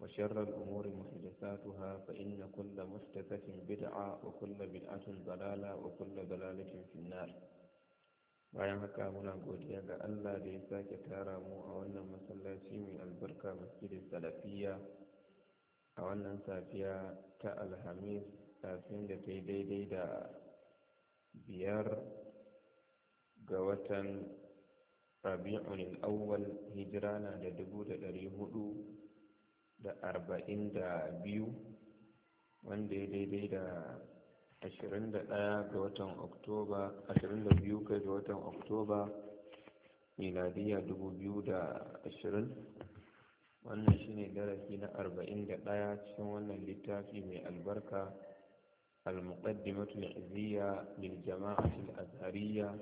وشر الأمور محدثاتها فإن كل محدثة بدعة وكل بدعة ضلالة وكل ضلالة في النار bayan haka muna godiya ga Allah da ya sake tara mu a wannan masallaci mai albarka masjidin salafiya a wannan safiya ta alhamis safin da ta yi daidai da biyar ga watan rabi'un awwal hijira na da dubu da ɗari hudu da arba'in da biyu ya daidai da ashirin da oktoba ashirin da biyu kai ga watan oktoba miladiya dubu biyu wannan shine darasi na arba'in da ɗaya cikin wannan littafi mai albarka al-muqaddimatul-iziyya lil jama'atil azhariyya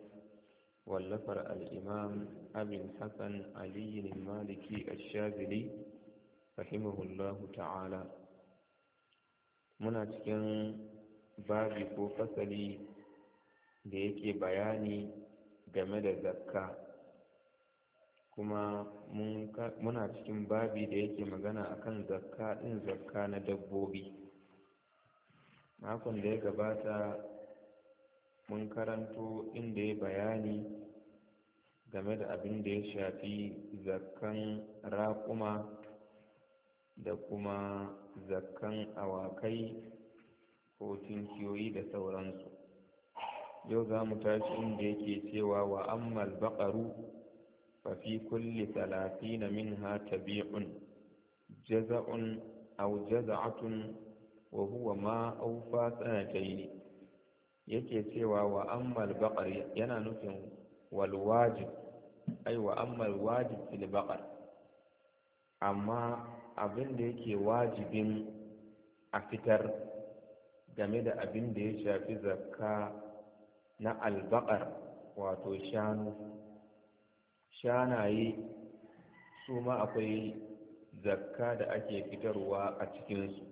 wallafar al-imam abin hasan aliyin maliki ash rahimahullahu ta'ala muna cikin babi ko fasali da yake bayani game da zakka kuma muna cikin babi da yake magana akan zakka ɗin zakka na dabbobi makon da ya gabata mun karanto inda ya bayani game da abin da ya shafi zakkan raƙuma da kuma zakkan awakai ko tunkiyoyi da sauransu yau za mu tashi inda yake cewa wa ammal baƙaru fa fi kulli talatina minha tabi'un jaza'un aw jaza'atun wa huwa ma awfa sanatayn yake cewa wa ammal baqar yana nufin wal wajib ai wa ammal wajib fil baqar amma abin da yake wajibin a fitar game da abin da ya shafi zakka na albakar wato shanu shanaye su ma akwai zakka da ake fitarwa a cikinsu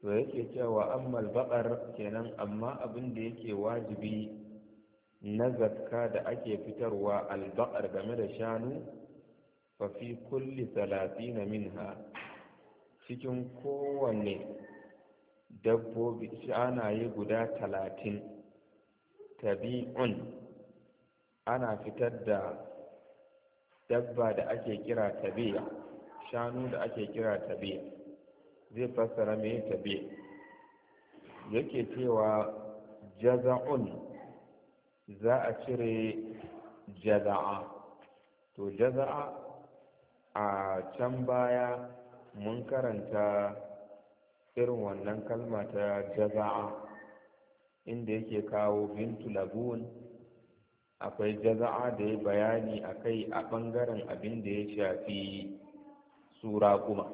to yake cewa an baƙar kenan amma abin da yake wajibi na zakka da ake fitarwa albakar game da shanu fafi kulli talatina minha cikin kowanne dabbobi shanaye guda talatin tabi'un ana fitar da dabba da ake kira tabi'a shanu da ake kira tabi'a zai fassara mai tabi'a yake cewa jaza'un za a cire jaza'a to jaza'a a can baya mun karanta irin wannan kalma ta jaza'a inda yake kawo bintu labun akwai jaza'a da ya bayani a kai a ɓangaren abin da ya shafi sura kuma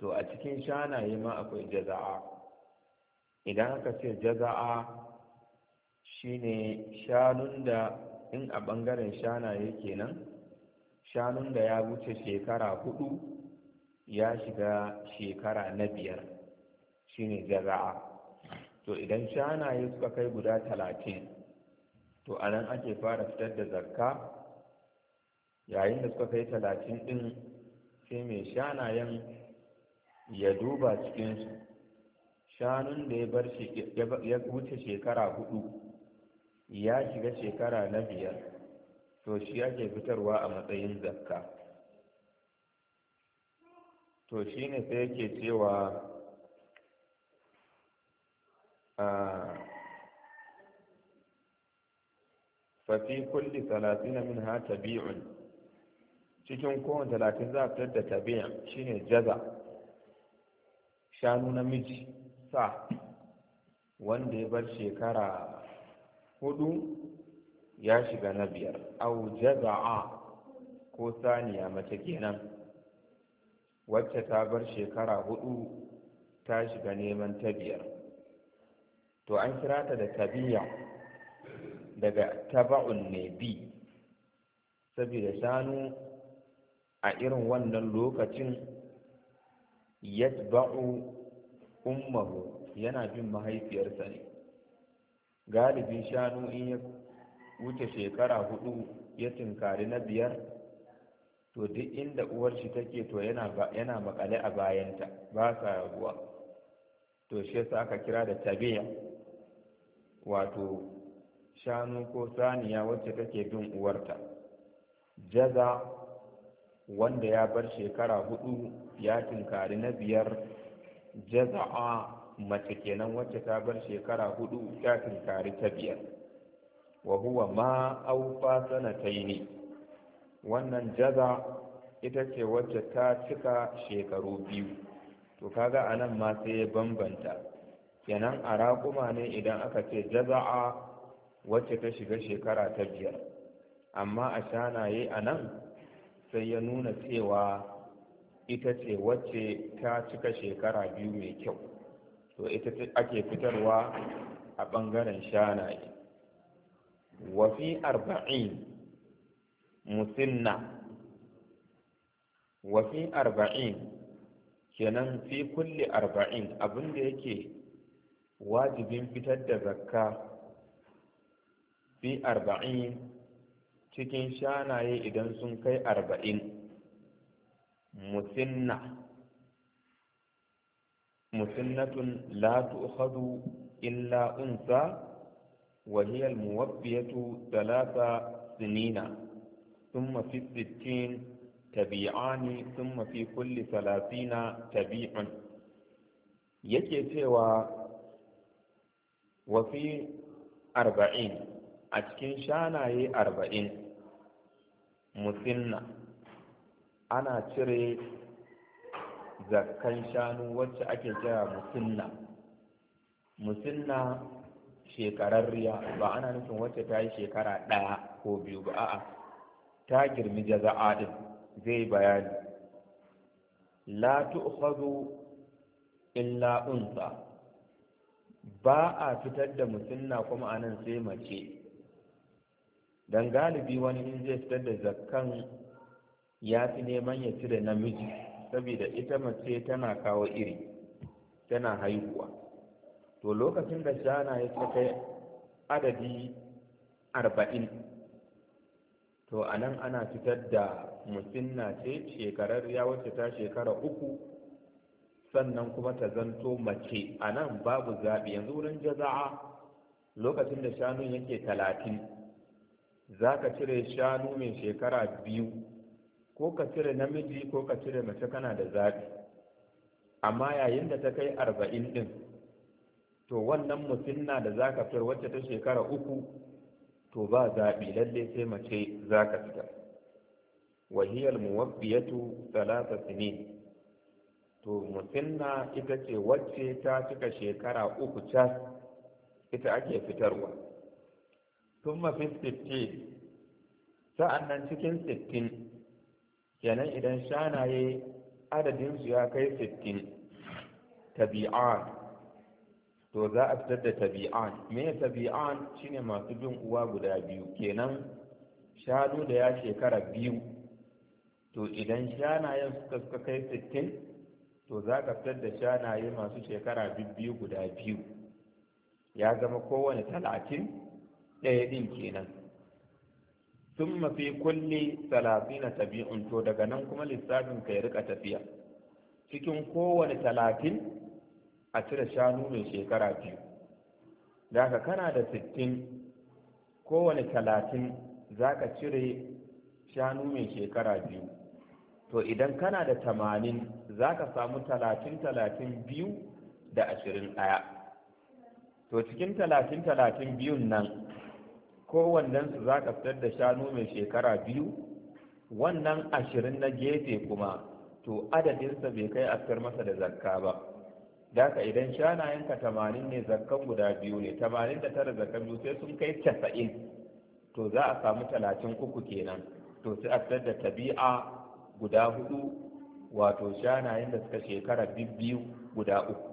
to a cikin shanaye ma akwai jaza'a idan aka ce jaza'a shine shanun da in a ɓangaren shanaye kenan shanun da ya wuce shekara hudu ya shiga shekara na biyar shine jaza'a to idan shanaye suka kai guda talatin to a nan ake fara fitar da zakka yayin da suka kai talatin din sai mai shanayen ya duba cikinsu shanun da ya wuce shekara hudu ya shiga shekara na biyar to shi yake fitarwa a matsayin zakka to shi ne sai yake cewa fafi kulli talatina min ha tabi'un cikin kowane talatin za a fitar da tabi'a shine jaza shanu namiji sa wanda ya bar shekara hudu ya shiga na biyar au jaza'a ko saniya mace kenan wacce ta bar shekara hudu ta shiga neman ta biyar to an kira ta da tabiya daga taba'un ne bi saboda shanu a irin wannan lokacin ba'u ummahu yana bin mahaifiyarsa ne galibin shanu in ya wuce shekara hudu ya tunkari na biyar to duk inda uwar shi take to yana yana makale a bayanta ba sa rabuwa to shi yasa aka kira da tabiya wato shanu ko saniya wacce take bin uwarta jaza wanda ya bar shekara hudu ya tinkari na biyar jaza'a mace kenan wacce ta bar shekara hudu ta tinkari ta biyar wa huwa ma aufa ne wannan jaza ita ce wacce ta cika shekaru biyu to kaga anan ma sai ya bambanta kenan a raƙuma ne idan aka ce jaza'a wacce ta shiga shekara ta biyar amma a shanaye a nan sai ya nuna cewa ita ce wacce ta cika shekara biyu mai kyau to ita ake fitarwa a ɓangaren shanaye Wafi arba'in musinna Wafi arba'in kenan fi kulle arba'in abinda yake wajibin fitar da zakka fi arba'in cikin shanaye idan sun kai arba'in musinna musinnatun la tu'khadu illa unsa وهي الموفية ثلاث سنين ثم في الستين تبيعان ثم في كل ثلاثين تبيع yake cewa wafi arba'in a cikin shanaye arba'in musinna ana cire zakkan shanu wacce ake kira musinna musinna shekararriya ba ana nufin wacce ta yi shekara ɗaya ko biyu ba a'a ta girmi jaza'a din zai bayani la tu'khadhu illa unsa ba a fitar da musunna kuma anan sai mace dan galibi wani in zai fitar da zakkan ya fi neman ya cire namiji saboda ita mace tana kawo iri tana haihuwa to lokacin da shana ya kai adadi arba'in to a nan ana fitar da musinna ce shekarar ya wace ta shekara uku sannan kuma ta zanto mace a nan babu zaɓi yanzu wurin jaza'a lokacin da shanun yake talatin za ka cire shanu mai shekara biyu ko ka cire namiji ko ka cire mace kana da zaɓi amma yayin da ta kai arba'in ɗin to wannan musinna da zaka fitar wacce ta shekara uku to ba zaɓi lalle sai mace zaka fitar wa hiya almuwaffiyatu thalatha sinin to musinna ita ce wacce ta cika shekara uku cas ita ake fitarwa thumma fi sittin sa'annan cikin sittin kenan idan shanaye adadinsu ya kai sittin tabi'at to za a fitar da tabi'an me tabi'an shine masu bin uwa guda biyu kenan shanu da ya shekara biyu to idan shanayen suka suka kai sittin to za ka fitar da shanaye masu shekara biyu guda biyu ya zama kowane talatin ɗaya ɗin kenan sun mafi kulle talatin na tabi'un to daga nan kuma lissafin ka ya rika tafiya cikin kowane talatin a cire shanu mai shekara biyu da kana da sittin kowane talatin za ka cire shanu mai shekara biyu to idan kana da tamanin za ka samu talatin talatin biyu da ashirin ɗaya to cikin talatin talatin biyun nan kowannensu za ka fitar da shanu mai shekara biyu wannan ashirin na gefe kuma to adadinsa bai kai a fitar masa da zakka ba da ka idan shanayenka tamanin ne zakkan guda biyu ne tamanin da tara zakkan biyu sai sun kai casa'in to za a samu talatin uku kenan to sai a fitar da tabi'a guda hudu wato shanayen da suka shekara biyu guda uku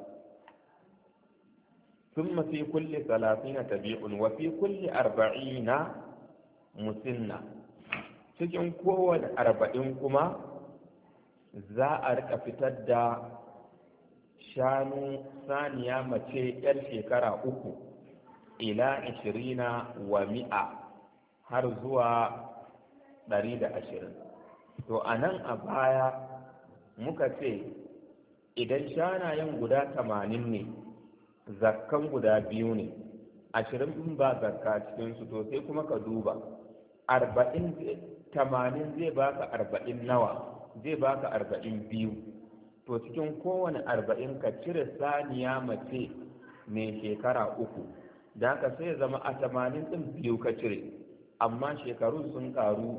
ثم في كل ثلاثين تبيع وفي كل أربعين مسنة cikin kowane arba'in kuma za a rika fitar da shanu saniya mace yar shekara uku ila ishirina wa mi'a har zuwa ɗari da ashirin to a nan a baya muka ce idan shanayen guda tamanin ne zakkan guda biyu ne ashirin in ba zakka cikinsu to sai kuma ka duba arba'in tamanin zai baka arba'in nawa zai baka arba'in biyu to cikin kowane arba'in ka cire saniya mace mai shekara uku da ka sai zama a tamanin ɗin biyu ka cire amma shekaru sun karu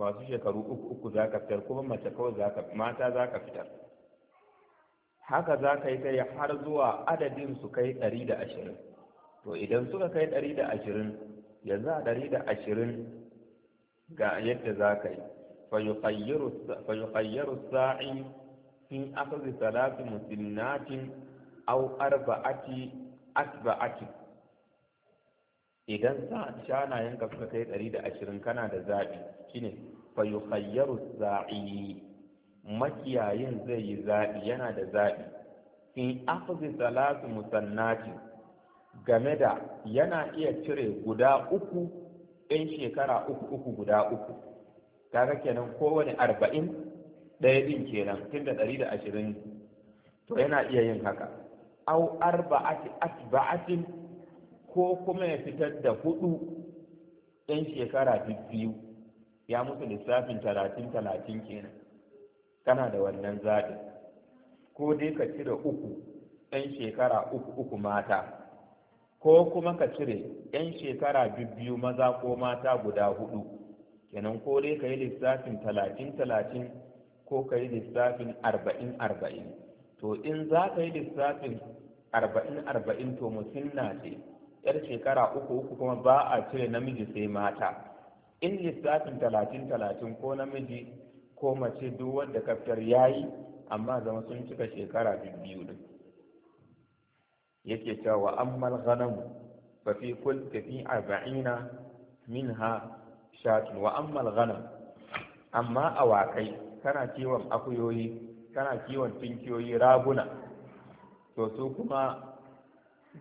masu shekaru uku uku za ka fitar kuma mace kawai mata za ka fitar haka za ka yi kai har zuwa adadin su kai ɗari da ashirin to idan suka kai ɗari da ashirin yanzu a ɗari da ashirin ga yadda za ka yi sa'i aka zai Salatu musinnatin au arba'ati asba'ati idan sa shanayenka suka kai ɗari da ashirin kana da zaɓi shine fa yukhayyaru za'i makiyayin zai yi zaɓi yana da zaɓi in zai salatu musannati game da yana iya cire guda uku 'yan shekara uku uku guda uku kaga kenan kowane arba'in ɗaya ɗin kenan tun da ɗari da ashirin to yana iya yin haka au arba'ati asba'atin ko kuma ya fitar da hudu ɗan shekara biyu ya musu lissafin talatin talatin kenan kana da wannan zaɓi ko dai ka cire uku ɗan shekara uku uku mata ko kuma ka cire ɗan shekara biyu maza ko mata guda hudu kenan ko dai ka yi lissafin talatin talatin ko ka yi lissafin arba'in arba'in to in za ka yi lissafin arba'in arba'in to mutum na ce yar shekara uku uku kuma ba a cire namiji sai mata in lissafin talatin talatin ko namiji ko mace duk wanda kaftar ya yi amma zama sun cika shekara biyu din yake cewa ammal ghanamu fa fi kull fi arba'ina minha shatun wa ammal ghanam amma awakai kana kiwon akuyoyi kana kiwon tinkiyoyi raguna to su kuma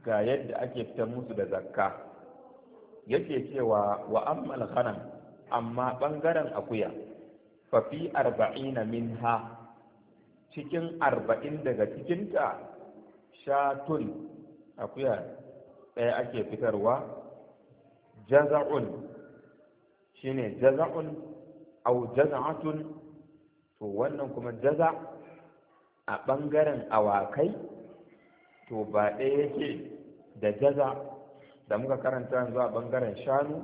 ga yadda ake fitar musu da zakka yake cewa wa ammal ghanam amma bangaren akuya fa fi arba'ina minha cikin arba'in daga cikin cikinta shatun akuya ɗaya ake fitarwa jaza'un shine jaza'un au jaza'atun to wannan kuma jaza a ɓangaren awakai to ba ɗaya yake da jaza da muka karanta yanzu a ɓangaren shanu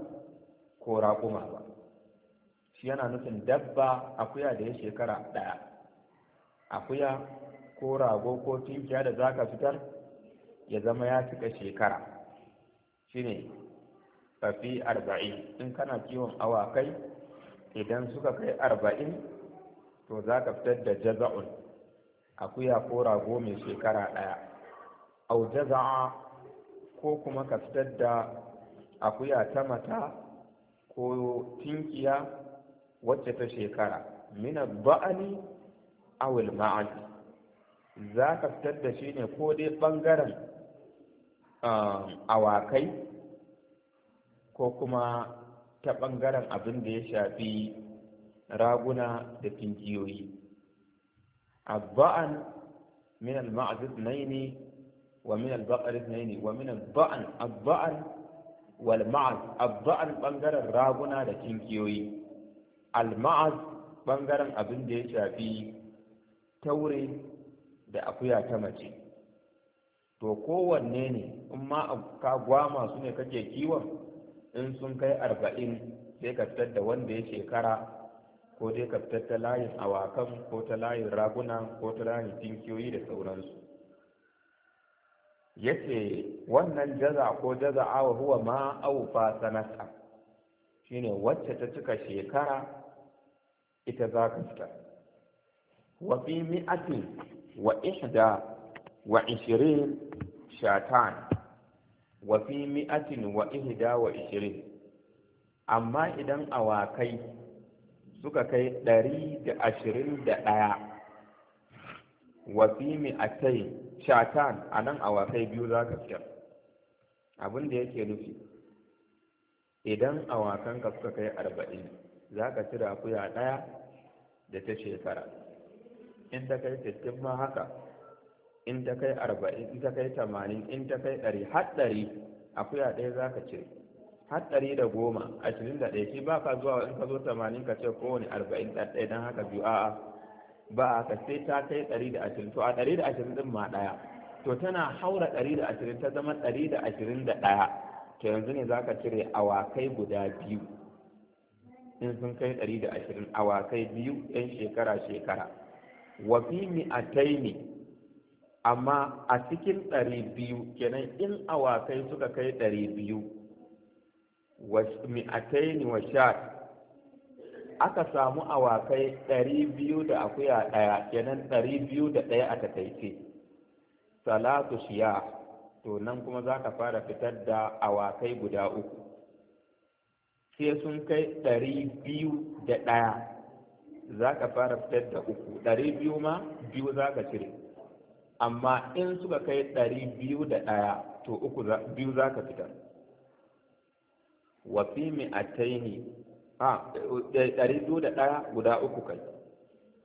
ko raƙuma ba shi yana nufin dabba akuya da ya shekara ɗaya akuya ko rago ko tunkiya da za ka fitar ya zama ya cika shekara shine fafi arba'in in kana kiwon awakai idan suka kai arba'in to za ka fitar da jaza'un akuya ko rago mai shekara ɗaya au jaza'a ko kuma ka fitar da akuya ta mata ko tinkiya wacce ta shekara mina ba'ani awil ma'ani za ka fitar da shi ne ko dai ɓangaren um, awakai ko kuma ta ɓangaren abin da ya shafi raguna da tinkiyoyi abba'an min al mazid naini wa min al-baqar naini wa min al-ba'an abba'an wal maaz abba'an bangaren raguna da tinkiyoyi al maaz bangaren abin da ya shafi taure da akuya ta mace to kowanne ne in ma ka gwama su ne kake kiwon in sun kai arba'in sai ka fitar da wanda ya shekara ko dai ka fitar ta layin awakan ko ta layin raguna ko ta layin tinkiyoyi da sauransu ya ce wannan jaza ko jaza awa huwa ma fa sanata shine wacce ta cika shekara ita za ka fita wa fi mi'ati wa ihda wa ishirin shatan wa fi mi'atin wa ihda wa ishirin amma idan awakai suka kai ɗari da ashirin da ɗaya wasimi a kai shatan a nan awakai biyu za ka fiyar abin da yake nufi idan awakanka suka kai arba'in za ka cira akuya ɗaya da ta shekara in ta kai sittin ma haka in ta kai arba'in in ta kai tamanin in ta kai ɗari har ɗari akuya ɗaya za ka cire har ɗari da goma ashirin da ɗaya shi ba ka zuwa in ka zo tamanin ka ce kowane arba'in da ɗaya don haka biyu a'a ba a ka sai ta kai ɗari da ashirin to a ɗari da ashirin ɗin ma ɗaya to tana haura ɗari da ashirin ta zama ɗari da ashirin da ɗaya to yanzu ne za ka cire awakai guda biyu in sun kai ɗari da ashirin awakai biyu ɗan shekara shekara Wafi wa a mi'ataini amma a cikin ɗari biyu kenan in awakai suka kai ɗari biyu mi'ataini wa shat aka samu awakai ɗari biyu da akuya ɗaya kenan ɗari biyu da ɗaya a takaice salatu shiya to nan kuma za ka fara fitar da awakai guda uku sai sun kai ɗari biyu da ɗaya za ka fara fitar da uku ɗari biyu ma biyu za ka cire amma in suka kai ɗari biyu da ɗaya to uku biyu za ka fitar wa fi mi a ɗari biyu da ɗaya guda uku kai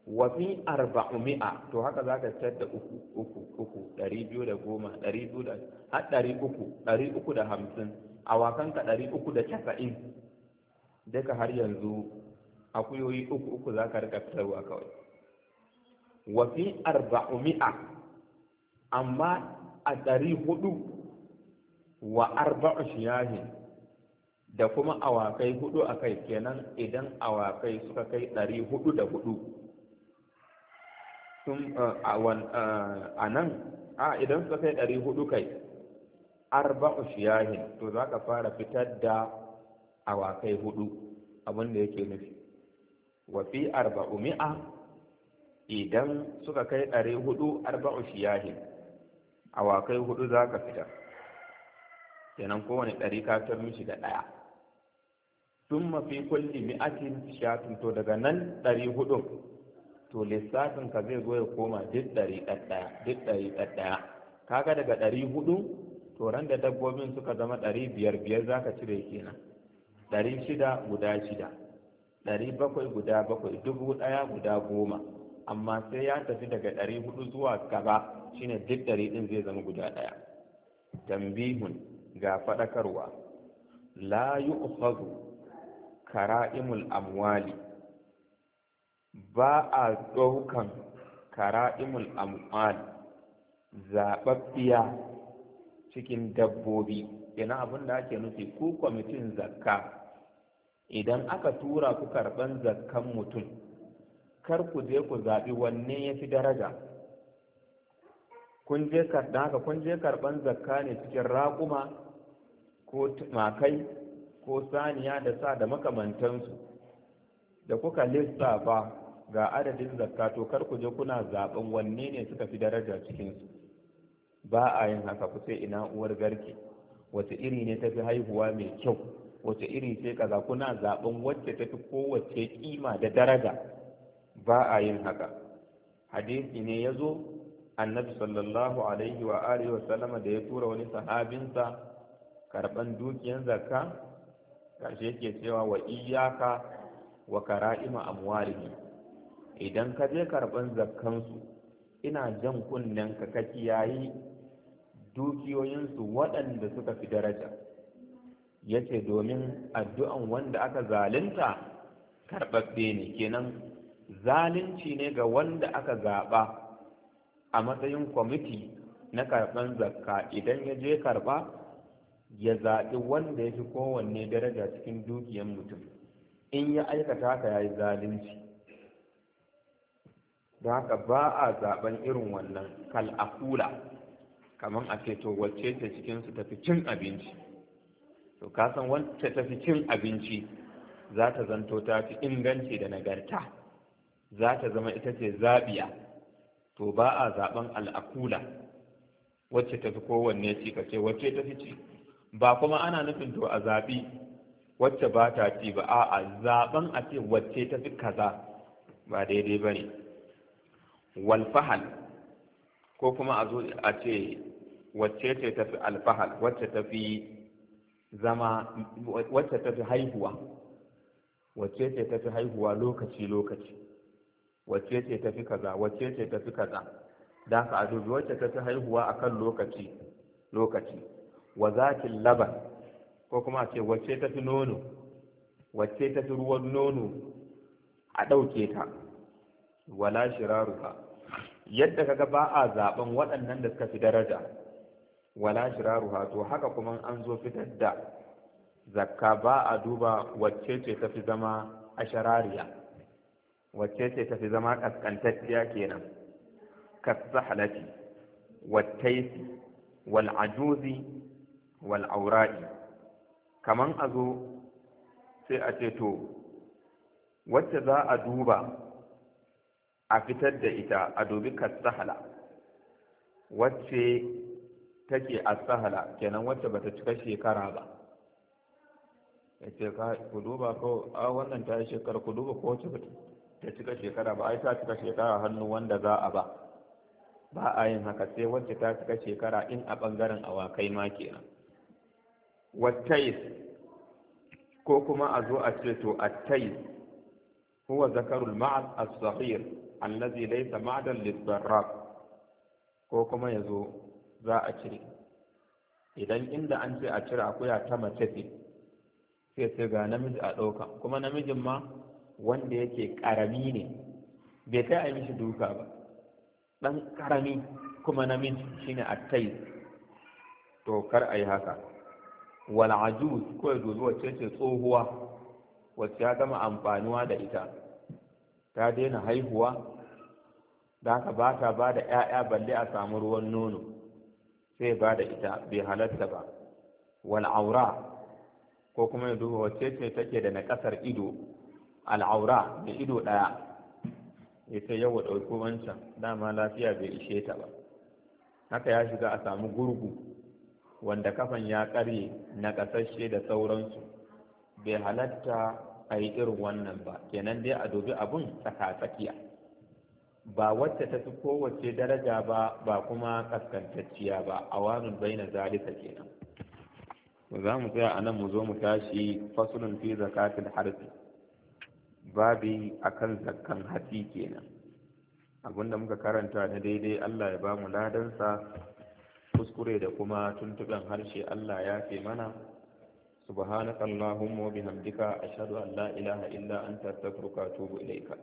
wa fi mi'a. to haka za ka fitar da uku uku uku ɗari biyu da goma ɗari biyu da har ɗari uku ɗari uku da hamsin a awakanka ɗari uku da casa'in duka har yanzu akuyoyi uku uku za ka rika fitarwa kawai wa fi mi'a amma a ɗari hudu wa arba'u shiyahin da kuma awakai hudu a kai kenan idan awakai suka kai ɗari hudu da hudu eh, eh, a nan a idan suka kai ɗari hudu kai arba'u shiyahin to za ka fara fitar da awakai hudu abin da yake nufi Wafi arba'u mi'a idan suka kai ɗari hudu arba'u shiyahin awakai hudu za ka fitar kenan kowane ɗari ka tar mishi da ɗaya sun mafi kulli ake shafin to daga nan ɗari hudun to lissafin ka zai zo ya koma duk ɗari ɗaɗɗaya duk ɗari ɗaɗɗaya kaga daga ɗari hudu to ran da dabbobin suka zama ɗari biyar biyar za ka cire kenan ɗari shida guda shida ɗari bakwai guda bakwai dubu ɗaya guda goma amma sai ya tafi daga ɗari hudu zuwa gaba shine duk ɗari ɗin zai zama guda ɗaya tambihun ga faɗakarwa la yu'khadhu kara'imul amwali ba a ɗaukan kara'imul amwali zaɓaɓɓiya cikin dabbobi Ina abin da ake nufi Ko kwamitin zakka idan aka tura ku karɓan zakkan mutum kar ku je ku zaɓi wanne ya fi daraja kun je kun je karɓan zakka ne cikin raƙuma ko makai ko saniya da sa da makamantansu da kuka lissafa ga adadin zakka to kar ku je kuna zaben wanne ne suka fi daraja cikinsu ba a yin haka ku sai ina uwar garke wace iri ne ta haihuwa mai kyau wace iri ce kaza kuna zaben wacce tafi fi kowace kima da daraja ba a yin haka hadisi ne ya zo annabi sallallahu alaihi wa alihi wa sallama da ya tura wani sahabinsa karban dukiyan zakka Karshe yake cewa wa iyaka wa kara'ima amwarihi idan ka je karban zakkansu ina jan kunnen ka ka kiyayi dukiyoyinsu waɗanda suka fi daraja yace domin addu'an wanda aka zalunta karɓaɓɓe ne kenan zalunci ne ga wanda aka zaɓa a matsayin kwamiti na karɓan zakka idan ya je karɓa ya zaɓi wanda ya fi kowanne daraja cikin dukiyan mutum in ya aikata ka ya yi zalunci da haka ba a zaɓen irin wannan kal'akula kamar a ce to wacce ta cikinsu tafi cin abinci to kasan wacce tafi cin abinci za ta zanto ta fi inganci da nagarta za ta zama ita ce zabiya to ba a zaɓen al'akula wacce ta fi kowanne ci ka ce wacce ta fi ci ba kuma ana nufin to a zaɓi wacce ba ta ci ba a'a zaɓen a ce wacce ta fi kaza ba daidai ba ne walfahal ko kuma a zo a ce wacce ce ta fi alfahal wacce ta fi zama wacce ta fi haihuwa wacce ce ta fi haihuwa lokaci-lokaci wacce ce ta fi kaza wacce ce ta fi kaza da ka a dubi wacce ta fi haihuwa akan lokaci lokaci wa zakin laban ko kuma a ce wacce ta fi nono wacce ta fi ruwan nono a ɗauke ta wala shiraruka yadda kaga ba a zaben waɗannan da suka fi daraja wala shiraruha to haka kuma an zo fitar da zakka ba a duba wacce ce ta fi zama a sharariya wacce ce ta fi zama kaskantacciya kenan kasahalati wattaisi wal'ajuzi wal aura'i kaman a zo sai a ce to wacce za a duba a fitar da ita a dubi kasahala wacce take sahala kenan wacce bata cika shekara ba ya ce ku duba ko a wannan ta yi shekara ku duba ko wacce ta cika shekara ba ai ta cika shekara hannu wanda za a ba ba a yin haka sai wacce ta cika shekara in a ɓangaren awakai ma kenan wattais ko kuma a zo a ce to attais huwa zakarul ma'ad as-saghir allazi laysa ma'dan lis ko kuma ya zo za a cire idan inda an ce a cire akuya ta mace ce sai sai ga namiji a ɗauka kuma namijin ma wanda yake ƙarami ne bai kai a yi mishi duka ba ɗan ƙarami kuma namiji shine attais to kar a yi haka wal'aju ajuz ya wacce ce tsohuwa wacce ya gama amfanuwa da ita ta daina haihuwa da haka ba ta ba da 'ya'ya balle a samu ruwan nono sai ba da ita bai halatta ba Wal'aura ko kuma ya duba wacce ce take da naƙasar ido al'aura da ido ɗaya ya ce yau ɗauki wancan dama lafiya bai ishe ta ba haka ya shiga a samu gurgu wanda kafan ya ƙarye na ƙasashe da sauransu bai halatta a yi irin wannan ba kenan dai a dubi abun tsaka-tsakiya ba wacce ta fi kowace daraja ba ba kuma kaskantacciya ba a wani baina zalika kenan za mu tsaya a nan mu zo mu tashi fasulun fi zakatul harfi babi kan zakkan hatsi kenan abinda muka karanta na daidai Allah ya ba mu ladansa kuskure da kuma tuntuɓen harshe Allah ya fi mana subhanakallahumma wa bihamdika ashhadu an la ilaha illa anta astaghfiruka wa atubu ilaika